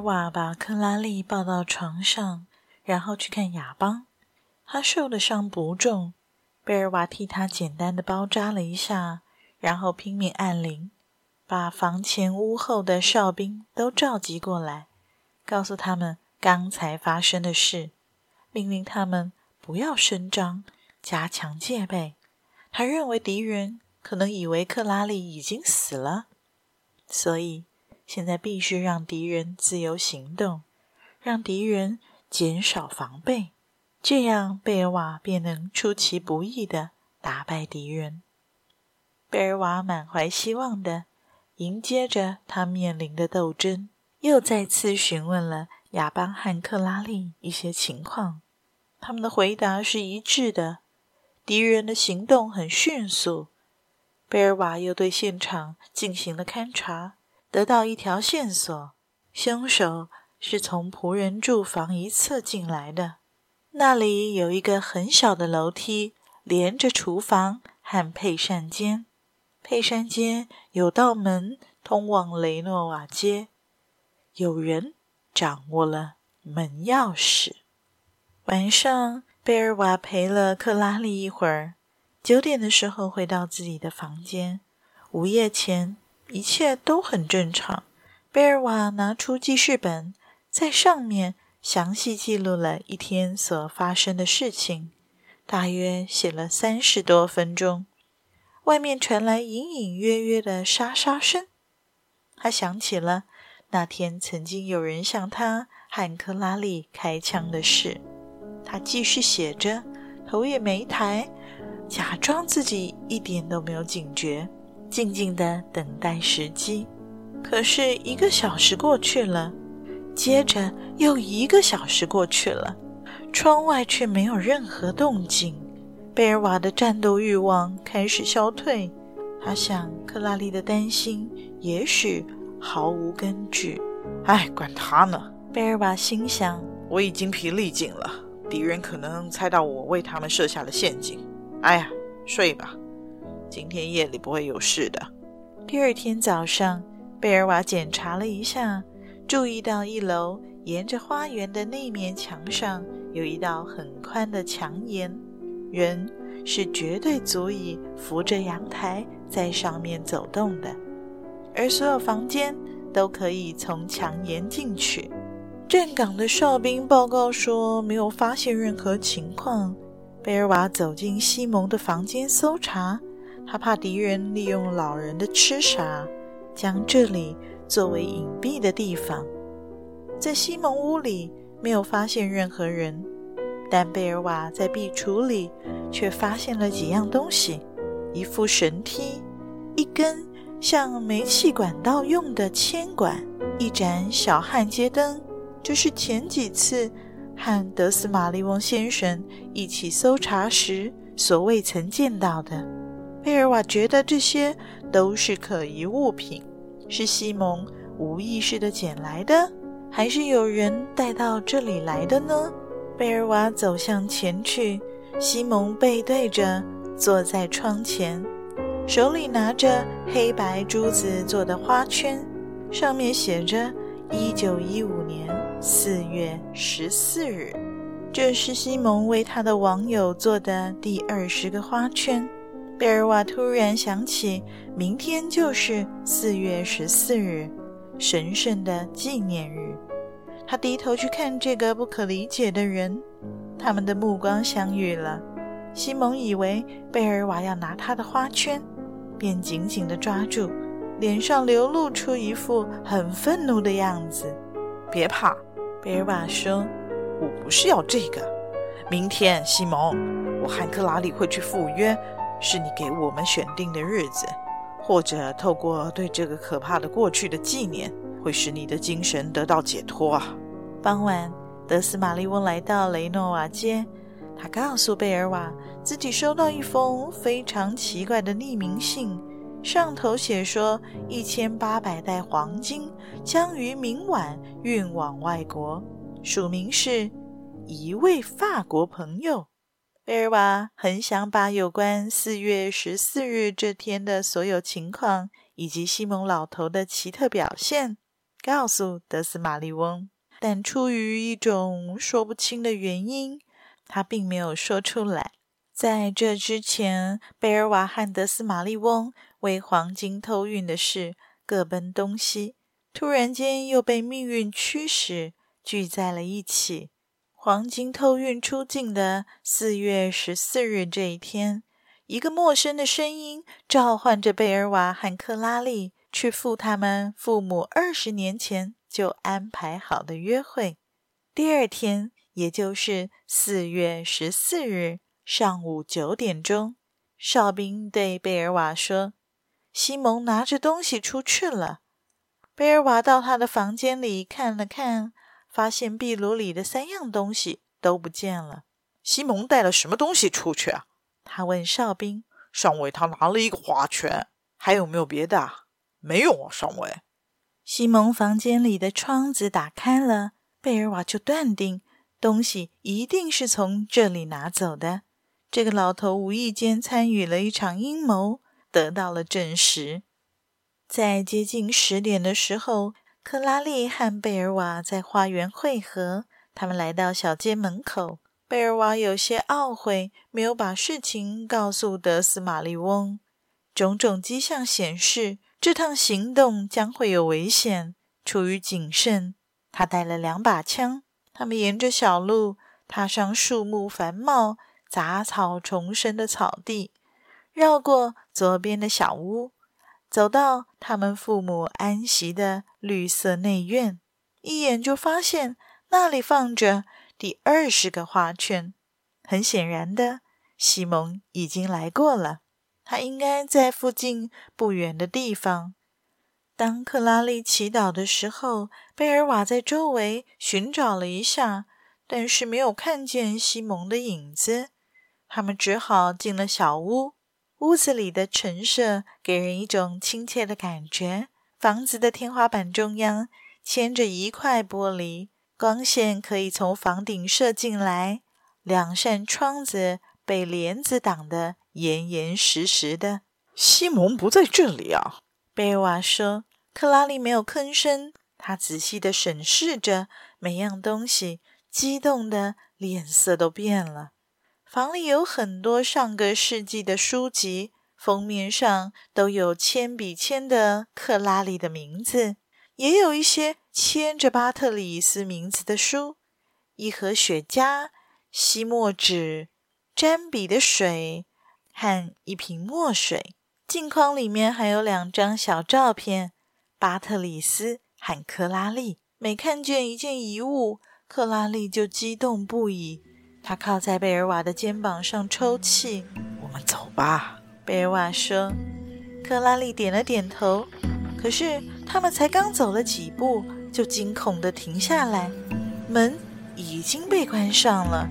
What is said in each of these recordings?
貝爾瓦把克拉麗抱到床上，然後去看亞邦。他受的傷不重，貝爾瓦替他簡單的包紮了一下，然後拼命按鈴，把房前屋後的哨兵都召集過來，告訴他們剛才發生的事，命令他們不要聲張，加強戒備。他認為敵人可能以為克拉麗已經死了，所以。現在必須讓敵人自由行動，讓敵人減少防備，這樣貝爾瓦便能出其不意地打敗敵人。貝爾瓦滿懷希望地迎接着他面臨的鬥爭，又再次詢問了亞邦和克拉麗一些情況。他們的回答是一致的：敵人的行動很迅速。貝爾瓦又對現場進行了勘察。得到一條線索，兇手是從僕人住房一側進來的，那裡有一個很小的樓梯，連着廚房和配膳間。配膳間有道門通往雷諾瓦街，有人掌握了門鑰匙。晚上，貝爾瓦陪了克拉麗一會兒，九點的時候回到自己的房間。午夜前。一切都很正常。貝爾瓦拿出記事本，在上面詳細記錄了一天所發生的事情，大約寫了三十多分鐘。外面傳來隱隱約約的沙沙聲，他想起了那天曾經有人向他和克拉麗開槍的事。他繼續寫着，頭也沒抬，假裝自己一點都沒有警覺。靜靜的等待時機，可是一個小時過去了，接着又一個小時過去了，窗外卻沒有任何動靜。貝爾瓦的戰鬥欲望開始消退，他想克拉麗的擔心也許毫無根據。哎，管他呢，貝爾瓦心想，我已經筋疲力盡了，敵人可能猜到我為他們設下了陷阱。哎呀，睡吧。今天夜裡不會有事的。第二天早上，貝爾瓦檢查了一下，注意到一樓沿着花園的那面牆上有一道很寬的牆沿，人是絕對足以扶着陽台在上面走動的，而所有房間都可以從牆沿進去。站崗的哨兵報告說沒有發現任何情況。貝爾瓦走進西蒙的房間搜查。他怕敵人利用老人的痴傻，將這裡作為隱蔽的地方。在西蒙屋裡沒有發現任何人，但貝爾瓦在壁櫥裡卻發現了幾樣東西：一副繩梯，一根像煤氣管道用的鉛管，一盞小焊接燈。這、就是前幾次和德斯瑪利翁先生一起搜查時所未曾見到的。貝爾瓦覺得這些都是可疑物品，是西蒙無意識地撿來的，還是有人帶到這裡來的呢？貝爾瓦走向前去，西蒙背對着坐在窗前，手裡拿着黑白珠子做的花圈，上面寫着“一九一五年四月十四日”，這是西蒙為他的網友做的第二十個花圈。貝爾瓦突然想起，明天就是四月十四日，神聖的紀念日。他低頭去看這個不可理解的人，他們的目光相遇了。西蒙以為貝爾瓦要拿他的花圈，便緊緊地抓住，臉上流露出一副很憤怒的樣子。別怕，貝爾瓦說：“我不是要這個。明天，西蒙，我和克拉麗會去赴約。”是你給我們選定的日子，或者透過對這個可怕的過去的紀念，會使你的精神得到解脫啊。傍晚，德斯瑪麗翁來到雷諾瓦街，他告訴貝爾瓦，自己收到一封非常奇怪的匿名信，上頭寫說一千八百袋黃金將於明晚運往外國，署名是一位法國朋友。貝爾瓦很想把有關四月十四日這天的所有情況，以及西蒙老頭的奇特表現告訴德斯瑪麗翁，但出於一種說不清的原因，他並沒有說出來。在這之前，貝爾瓦和德斯瑪麗翁為黃金偷運的事各奔東西，突然間又被命運驅使，聚在了一起。黃金偷運出境的四月十四日這一天，一個陌生的聲音召喚着貝爾瓦和克拉麗去赴他們父母二十年前就安排好的約會。第二天，也就是四月十四日上午九點鐘，哨兵對貝爾瓦說：“西蒙拿着東西出去了。”貝爾瓦到他的房間裡看了看。發現壁爐裡的三樣東西都不見了。西蒙帶了什麼東西出去啊？他問哨兵。上尉，他拿了一個花圈。還有沒有別的？沒有啊，上尉。西蒙房間裡的窗子打開了，貝爾瓦就斷定東西一定是從這裡拿走的。這個老頭無意間參與了一場陰謀，得到了證實。在接近十點的時候，克拉麗和貝爾瓦在花園匯合。他們來到小街門口。貝爾瓦有些懊悔，沒有把事情告訴德斯瑪麗翁。種種跡象顯示，這趟行動將會有危險。出於謹慎，他帶了兩把槍。他們沿着小路踏上樹木繁茂、雜草叢生的草地，繞過左邊的小屋。走到他們父母安息的綠色內院，一眼就發現那裡放着第二十個花圈。很顯然的，西蒙已經來過了。他應該在附近不遠的地方。當克拉麗祈禱的時候，貝爾瓦在周圍尋找了一下，但是沒有看見西蒙的影子。他們只好進了小屋。屋子裡的陳設給人一種親切的感覺。房子的天花板中央嵌着一塊玻璃，光線可以從房頂射進來。兩扇窗子被簾子擋得嚴嚴實實的。西蒙不在這裡啊，貝爾瓦說。克拉麗沒有吭聲，她仔細地審視着每樣東西，激動得臉色都變了。房裡有很多上個世紀的書籍，封面上都有鉛筆簽的克拉麗的名字，也有一些簽着巴特裡斯名字的書。一盒雪茄、吸墨紙、沾筆的水和一瓶墨水。鏡框裡面還有兩張小照片：巴特裡斯和克拉麗。每看見一件遺物，克拉麗就激動不已。他靠在貝爾瓦的肩膀上抽泣。“我們走吧。”貝爾瓦說。克拉麗點了點頭。可是他們才剛走了幾步，就驚恐地停下來。門已經被關上了。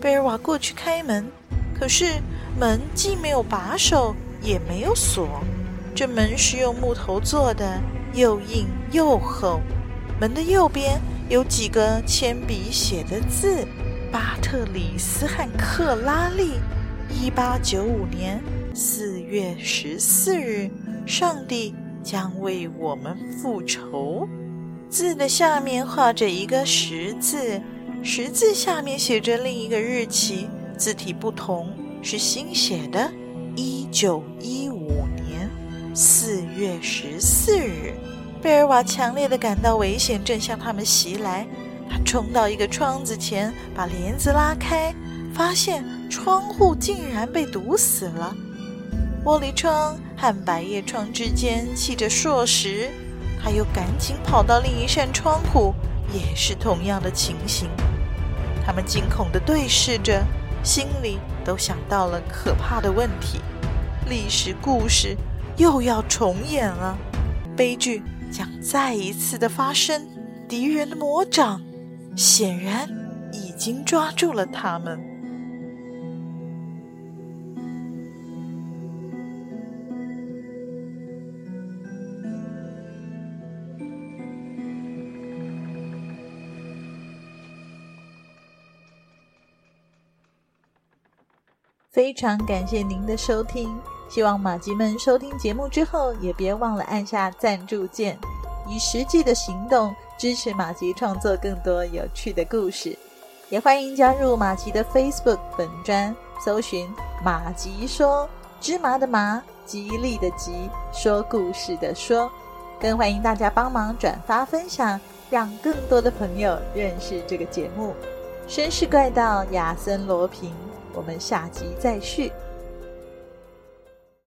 貝爾瓦過去開門，可是門既沒有把手，也沒有鎖。這門是用木頭做的，又硬又厚。門的右邊有幾個鉛筆寫的字。巴特里斯和克拉麗，一八九五年四月十四日，上帝將為我們復仇。字的下面畫着一個十字，十字下面寫着另一個日期，字體不同，是新寫的。一九一五年四月十四日，貝爾瓦強烈地感到危險正向他們襲來。他衝到一個窗子前，把簾子拉開，發現窗戶竟然被堵死了。玻璃窗和百葉窗之間砌着碩石。他又趕緊跑到另一扇窗戶，也是同樣的情形。他們驚恐地對視着，心裡都想到了可怕的問題：歷史故事又要重演了，悲劇將再一次的發生，敵人的魔掌。顯然已經抓住了他們。非常感謝您的收聽，希望麻吉們收聽節目之後也別忘了按下贊助鍵。以實際的行動支持馬吉創作更多有趣的故事，也歡迎加入馬吉的 Facebook 粉專，搜尋“馬吉說，芝麻的麻，吉利的吉，說故事的說”，更歡迎大家幫忙轉發分享，讓更多的朋友認識這個節目。紳士怪盜亞森羅平，我們下集再續。